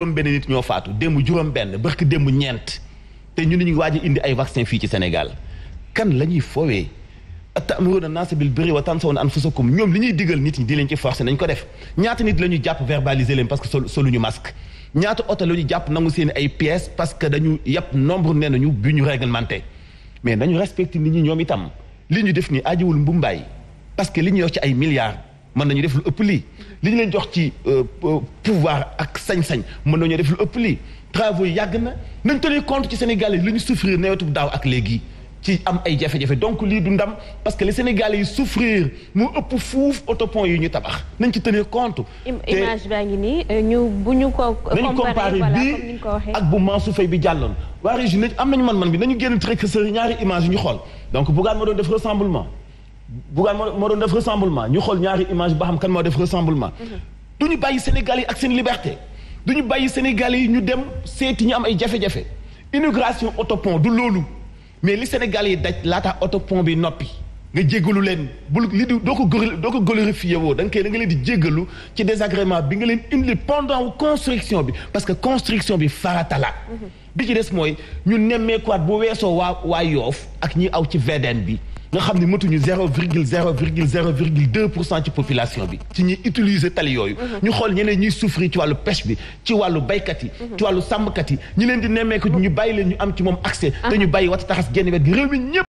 juróom benn nit ñoo faatu démb juróom benn barki démb ñeent te ñu ni ñu ngi waaj indi ay vaccin fii ci Sénégal kan la ñuy foowee ta'muruuna naasa bil birri wa tansawna anfusakum ñoom li ñuy digal nit ñi di leen ci forcé nañ ko def ñaata nit la ñu jàpp verbaliser leen parce que sol soluñu masque ñaata oto la ñu jàpp nangu seen ay pièces parce que dañu yàpp nombre nee nañu bu ñu réglementé mais nañu respecté nit ñi ñoom itam li ñu def nii ajiwul mbumbaay parce que li ñu yor ci ay milliards mën nañu def lu ëpp lii li ñu leen jox ci euh, euh, pouvoir ak sañ-sañ mën nañoo def lu ëpp lii travaux yi yàgg na nañ tenir compte ci Sénégal li ñu souffrir nawetu daaw ak léegi ci am ay jafe-jafe donc lii du ndam parce que les Sénégalais yi souffrir mu ëpp fuuf autopont yi ñu tabax nañ ci tenir compte. image baa ngi nii euh, ñu bu ñu ko. comparé bii ak bu Mansour Faye bi jàlloon. waa région am nañu man-man bi nañu génn très ñaari image yi ñu xool donc bugaan ma doon def ressemblement. Bougane moo doon def rassemblement ñu xool ñaari image ba xam kan moo def rassemblement mhm. du ñu bàyyi Sénégal yi ak seen liberté du ñu bàyyi Sénégal yi ñu dem seeti ñu am ay jafe-jafe inauguration autopont du loolu mais li Sénégal yi daj laata autopont bi noppi nga jéggalu leen bul li di doo ko gë doo ko glorifié woo da nga koy da nga leen di jéggalu ci désagrément bi nga leen indi pendant construction bi parce que construction bi farata la mhm. bi ci des mooy ñu nemmeekuwaat bu weesoo waa waa Yoof ak ñi aw ci VDN bi nga xam ne matuñu zéro virgule zéro virgule zéro virgule ci population bi ci ñuy utiliser tali yooyu mhm. ñu xool ñeneen ñuy souffrir ci wàllu pêche bi ci wàllu baykat yi mhm. ci wàllu sàmmkat yi ñu leen di nemmeeku ñu bàyyi leen ñu am ci moom accès mhm. te ñu bàyyi wat taxas génn wet gi réew mi